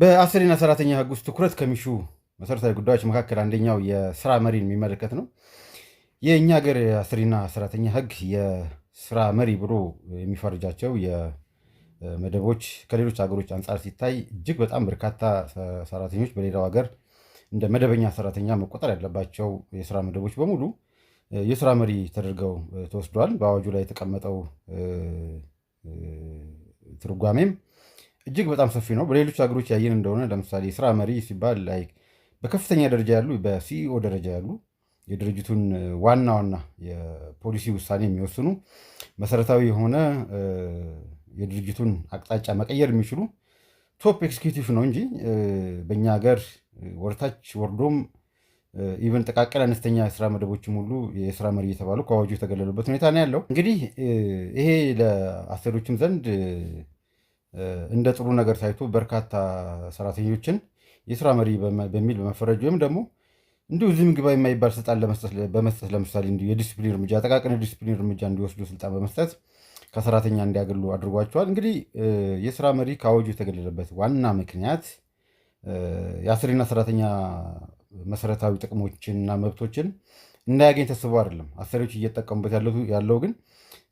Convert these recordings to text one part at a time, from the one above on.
በአሰሪና ሰራተኛ ህግ ውስጥ ትኩረት ከሚሹ መሰረታዊ ጉዳዮች መካከል አንደኛው የስራ መሪን የሚመለከት ነው። የእኛ ሀገር የአስሪና ሰራተኛ ህግ የስራ መሪ ብሎ የሚፈርጃቸው የመደቦች ከሌሎች ሀገሮች አንጻር ሲታይ እጅግ በጣም በርካታ ሰራተኞች በሌላው ሀገር እንደ መደበኛ ሰራተኛ መቆጠር ያለባቸው የስራ መደቦች በሙሉ የስራ መሪ ተደርገው ተወስደዋል። በአዋጁ ላይ የተቀመጠው ትርጓሜም እጅግ በጣም ሰፊ ነው። በሌሎች ሀገሮች ያየን እንደሆነ ለምሳሌ የስራ መሪ ሲባል ላይ በከፍተኛ ደረጃ ያሉ በሲኢኦ ደረጃ ያሉ የድርጅቱን ዋና ዋና የፖሊሲ ውሳኔ የሚወስኑ መሰረታዊ የሆነ የድርጅቱን አቅጣጫ መቀየር የሚችሉ ቶፕ ኤክስኪዩቲቭ ነው እንጂ በእኛ ሀገር ወርታች ወርዶም ኢቨን ጥቃቅን አነስተኛ የስራ መደቦችም ሁሉ የስራ መሪ እየተባሉ ከአዋጁ የተገለሉበት ሁኔታ ነው ያለው። እንግዲህ ይሄ ለአሰሪዎችም ዘንድ እንደ ጥሩ ነገር ታይቶ በርካታ ሰራተኞችን የስራ መሪ በሚል በመፈረጅ ወይም ደግሞ እንዲሁ ዝም ግባ የማይባል ስልጣን በመስጠት ለምሳሌ እንዲሁ የዲስፕሊን እርምጃ ጠቃቅን የዲስፕሊን እርምጃ እንዲወስዱ ስልጣን በመስጠት ከሰራተኛ እንዲያገሉ አድርጓቸዋል። እንግዲህ የስራ መሪ ከአዋጁ የተገለለበት ዋና ምክንያት የአሰሪና ሰራተኛ መሰረታዊ ጥቅሞችንና መብቶችን እንዳያገኝ ተስበው አይደለም አሰሪዎች እየጠቀሙበት ያለው ግን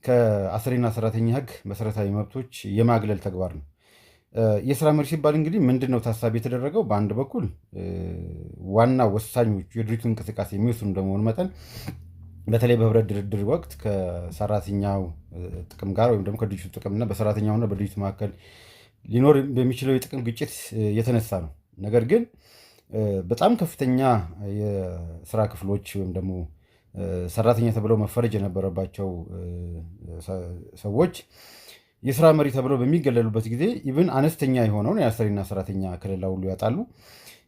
ከአሰሪና ሰራተኛ ህግ መሰረታዊ መብቶች የማግለል ተግባር ነው። የስራ መሪ ሲባል እንግዲህ ምንድን ነው ታሳቢ የተደረገው? በአንድ በኩል ዋና ወሳኞች የድርጅቱ እንቅስቃሴ የሚወስኑ እንደመሆኑ መጠን በተለይ በህብረት ድርድር ወቅት ከሰራተኛው ጥቅም ጋር ወይም ደግሞ ከድርጅቱ ጥቅምና በሰራተኛውና በድርጅቱ መካከል ሊኖር በሚችለው የጥቅም ግጭት የተነሳ ነው። ነገር ግን በጣም ከፍተኛ የስራ ክፍሎች ወይም ደግሞ ሰራተኛ ተብለው መፈረጅ የነበረባቸው ሰዎች የስራ መሪ ተብለው በሚገለሉበት ጊዜ ኢብን አነስተኛ የሆነውን የአሰሪና ሰራተኛ ከለላ ሁሉ ያጣሉ።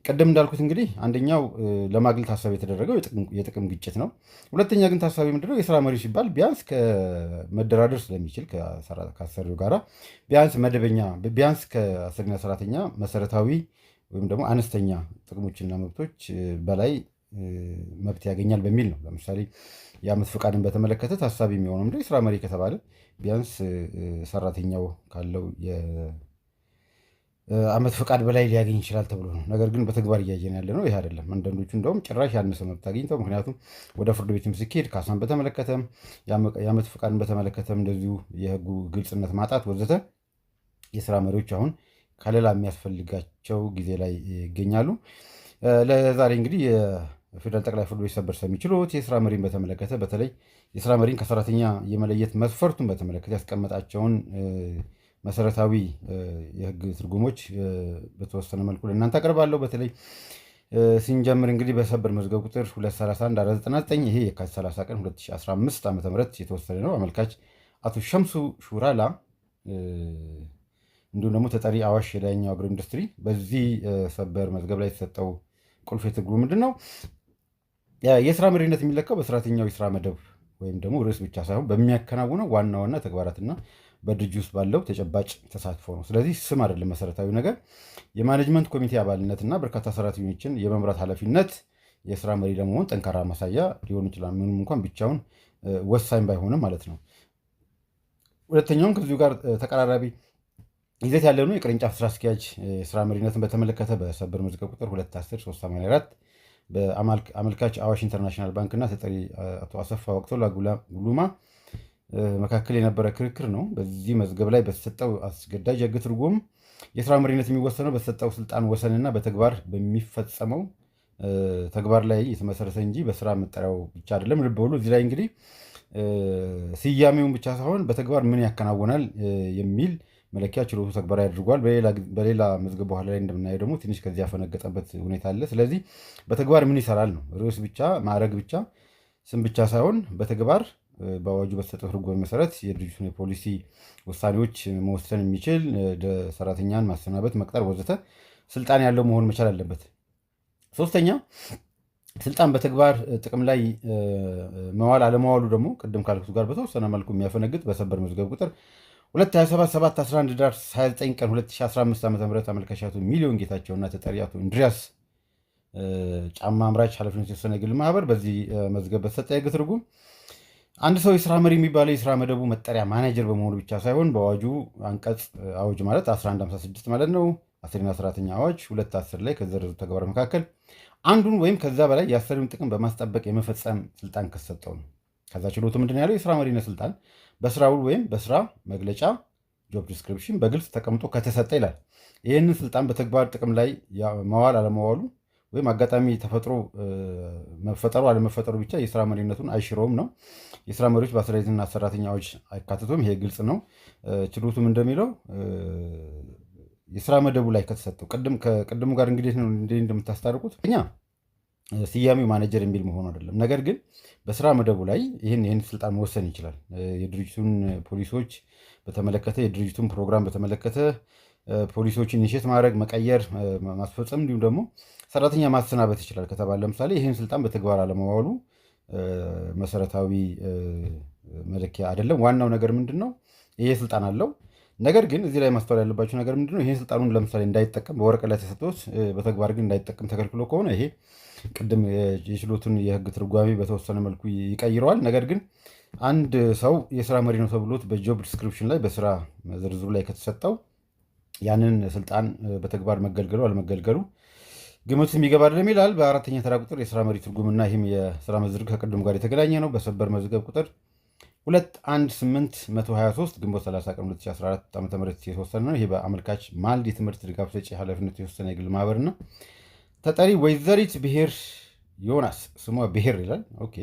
ቅድም እንዳልኩት እንግዲህ አንደኛው ለማግለል ታሳቢ የተደረገው የጥቅም ግጭት ነው። ሁለተኛ ግን ታሳቢ ምንድነው? የስራ መሪ ሲባል ቢያንስ ከመደራደር ስለሚችል ከአሰሪው ጋራ ቢያንስ መደበኛ ቢያንስ ከአሰሪና ሰራተኛ መሰረታዊ ወይም ደግሞ አነስተኛ ጥቅሞችና መብቶች በላይ መብት ያገኛል በሚል ነው። ለምሳሌ የአመት ፈቃድን በተመለከተ ታሳቢ የሚሆነው ምንድን የስራ መሪ ከተባለ ቢያንስ ሰራተኛው ካለው የአመት ፈቃድ በላይ ሊያገኝ ይችላል ተብሎ ነው። ነገር ግን በተግባር እያየን ያለ ነው ይህ አይደለም። አንዳንዶቹ እንደውም ጭራሽ ያነሰ መብት አግኝተው ምክንያቱም ወደ ፍርድ ቤትም ሲካሄድ ካሳን በተመለከተም የአመት ፈቃድን በተመለከተም እንደዚሁ የህጉ ግልጽነት ማጣት ወዘተ የስራ መሪዎች አሁን ከሌላ የሚያስፈልጋቸው ጊዜ ላይ ይገኛሉ። ለዛሬ እንግዲህ የፌዴራል ጠቅላይ ፍርድ ቤት ሰበር ሰሚ ችሎት የስራ መሪን በተመለከተ በተለይ የስራ መሪን ከሰራተኛ የመለየት መስፈርቱን በተመለከተ ያስቀመጣቸውን መሰረታዊ የህግ ትርጉሞች በተወሰነ መልኩ ለእናንተ አቀርባለሁ። በተለይ ስንጀምር እንግዲህ በሰበር መዝገብ ቁጥር 231499 ይሄ የካቲት 30 ቀን 2015 ዓ ም የተወሰነ ነው። አመልካች አቶ ሸምሱ ሹራላ እንዲሁም ደግሞ ተጠሪ አዋሽ የላይኛው አግሮ ኢንዱስትሪ። በዚህ ሰበር መዝገብ ላይ የተሰጠው ቁልፍ የትግሉ ምንድን ነው? የስራ መሪነት የሚለካው በሰራተኛው የስራ መደብ ወይም ደግሞ ርዕስ ብቻ ሳይሆን በሚያከናውነው ዋና ዋና ተግባራትና በድርጅቱ ውስጥ ባለው ተጨባጭ ተሳትፎ ነው። ስለዚህ ስም አይደለም መሰረታዊ ነገር። የማኔጅመንት ኮሚቴ አባልነትና በርካታ ሰራተኞችን የመምራት ኃላፊነት የስራ መሪ ለመሆን ጠንካራ ማሳያ ሊሆኑ ይችላል፣ ምንም እንኳን ብቻውን ወሳኝ ባይሆንም ማለት ነው። ሁለተኛውም ከዚሁ ጋር ተቀራራቢ ይዘት ነው። የቅርንጫፍ ስራ አስኪያጅ ስራ መሪነትን በተመለከተ በሰበር መዝገብ ቁጥር 210384 በአመልካች አዋሽ ኢንተርናሽናል ባንክና ተጠሪ አቶ አሰፋ ወቅቶላ ጉሉማ መካከል የነበረ ክርክር ነው። በዚህ መዝገብ ላይ በተሰጠው አስገዳጅ ሕግ ትርጉም የስራ መሪነት የሚወሰነው በተሰጠው ስልጣን ወሰንና በተግባር በሚፈጸመው ተግባር ላይ የተመሰረተ እንጂ በስራ መጠሪያው ብቻ አይደለም። ልብ በሉ እዚህ ላይ እንግዲህ ስያሜውን ብቻ ሳይሆን በተግባር ምን ያከናውናል የሚል መለኪያ ችሎቱ ተግባራዊ አድርጓል። በሌላ መዝገብ በኋላ ላይ እንደምናየው ደግሞ ትንሽ ከዚህ ያፈነገጠበት ሁኔታ አለ። ስለዚህ በተግባር ምን ይሰራል ነው ርዕስ ብቻ ማዕረግ ብቻ ስም ብቻ ሳይሆን በተግባር በአዋጁ በተሰጠው ትርጓሜ መሰረት የድርጅቱን የፖሊሲ ውሳኔዎች መወሰን የሚችል ሰራተኛን ማሰናበት፣ መቅጠር ወዘተ ስልጣን ያለው መሆን መቻል አለበት። ሶስተኛ ስልጣን በተግባር ጥቅም ላይ መዋል አለመዋሉ ደግሞ ቅድም ካልኩት ጋር በተወሰነ መልኩ የሚያፈነግጥ በሰበር መዝገብ ቁጥር 22771 ዳር 29 ቀን 2015 ዓ ም አመልካች ሚሊዮን ጌታቸውና ተጠሪ አቶ እንድሪያስ ጫማ አምራች ኃላፊነት የተወሰነ ግል ማህበር በዚህ መዝገብ በተሰጠ የህግ ትርጉም አንድ ሰው የስራ መሪ የሚባለው የስራ መደቡ መጠሪያ ማናጀር በመሆኑ ብቻ ሳይሆን በአዋጁ አንቀጽ አውጅ ማለት 1156 ማለት ነው አስርና አስራተኛ አዋጅ 210 ላይ ከዘረዙ ተግባር መካከል አንዱን ወይም ከዛ በላይ የአሰሪውን ጥቅም በማስጠበቅ የመፈጸም ስልጣን ከሰጠው ነው። ከዛ ችሎቱ ምንድን ያለው የስራ መሪነት ስልጣን በስራ ውል ወይም በስራ መግለጫ ጆብ ዲስክሪፕሽን በግልጽ ተቀምጦ ከተሰጠ ይላል። ይህንን ስልጣን በተግባር ጥቅም ላይ መዋል አለመዋሉ ወይም አጋጣሚ ተፈጥሮ መፈጠሩ አለመፈጠሩ ብቻ የስራ መሪነቱን አይሽረውም ነው። የስራ መሪዎች በአሰሪና ሰራተኛዎች አይካተቱም። ይሄ ግልጽ ነው። ችሎቱም እንደሚለው የስራ መደቡ ላይ ከተሰጠው ቅድም ጋር እንግዲህ እንደምታስታርቁት እኛ ስያሜው ማኔጀር የሚል መሆኑ አይደለም። ነገር ግን በስራ መደቡ ላይ ይህን ይህን ስልጣን መወሰን ይችላል። የድርጅቱን ፖሊሶች በተመለከተ የድርጅቱን ፕሮግራም በተመለከተ ፖሊሶች ኢኒሼት ማድረግ፣ መቀየር፣ ማስፈጸም እንዲሁም ደግሞ ሰራተኛ ማሰናበት ይችላል ከተባለ ለምሳሌ ይህን ስልጣን በተግባር አለመዋሉ መሰረታዊ መለኪያ አይደለም። ዋናው ነገር ምንድን ነው? ይሄ ስልጣን አለው ነገር ግን እዚህ ላይ ማስተዋል ያለባቸው ነገር ነው ይህን ስልጣኑን ለምሳሌ እንዳይጠቀም በወረቀት ላይ ተሰጥቶት በተግባር ግን እንዳይጠቀም ተከልክሎ ከሆነ ይሄ ቅድም የችሎትን የህግ ትርጓሜ በተወሰነ መልኩ ይቀይረዋል። ነገር ግን አንድ ሰው የስራ መሪ ነው ተብሎት በጆብ ዲስክሪፕሽን ላይ በስራ ዝርዝሩ ላይ ከተሰጠው ያንን ስልጣን በተግባር መገልገሉ አለመገልገሉ ግምት የሚገባ አይደለም ይላል። በአራተኛ ተራ ቁጥር የስራ መሪ ትርጉምና ይህም የስራ መዝርግ ከቅድሙ ጋር የተገናኘ ነው። በሰበር መዝገብ ቁጥር 21823 ግንቦት 30 ቀን 2014 ዓ ም የተወሰነ ነው። ይሄ በአመልካች ማልድ የትምህርት ድጋፍ ሰጪ ኃላፊነት የወሰነ የግል ማህበር ነው። ተጠሪ ወይዘሪት ብሄር ዮናስ ስሟ ብሄር ይላል። ኦኬ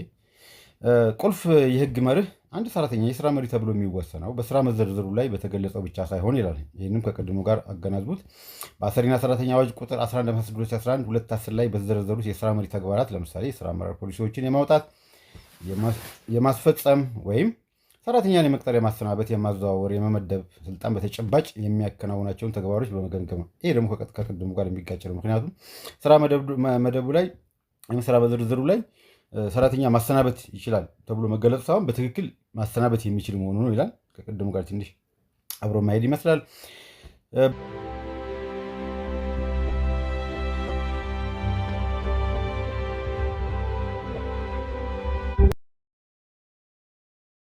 ቁልፍ የህግ መርህ አንድ ሰራተኛ የስራ መሪ ተብሎ የሚወሰነው በስራ መዘርዘሩ ላይ በተገለጸው ብቻ ሳይሆን ይላል። ይህንም ከቅድሙ ጋር አገናዝቡት። በአሰሪና ሰራተኛ አዋጅ ቁጥር 11 2011 210 ላይ በተዘረዘሩት የስራ መሪ ተግባራት ለምሳሌ የስራ አመራር ፖሊሲዎችን የማውጣት የማስፈጸም ወይም ሰራተኛን የመቅጠር፣ የማሰናበት፣ የማዘዋወር፣ የመመደብ ስልጣን በተጨባጭ የሚያከናውናቸውን ተግባሮች በመገምገም ነው። ይሄ ደግሞ ከቅድሙ ጋር የሚጋጭ ነው። ምክንያቱም ስራ መደቡ ላይ ወይም ስራ በዝርዝሩ ላይ ሰራተኛ ማሰናበት ይችላል ተብሎ መገለጹ ሳይሆን በትክክል ማሰናበት የሚችል መሆኑ ነው ይላል። ከቅድሙ ጋር ትንሽ አብሮ ማሄድ ይመስላል።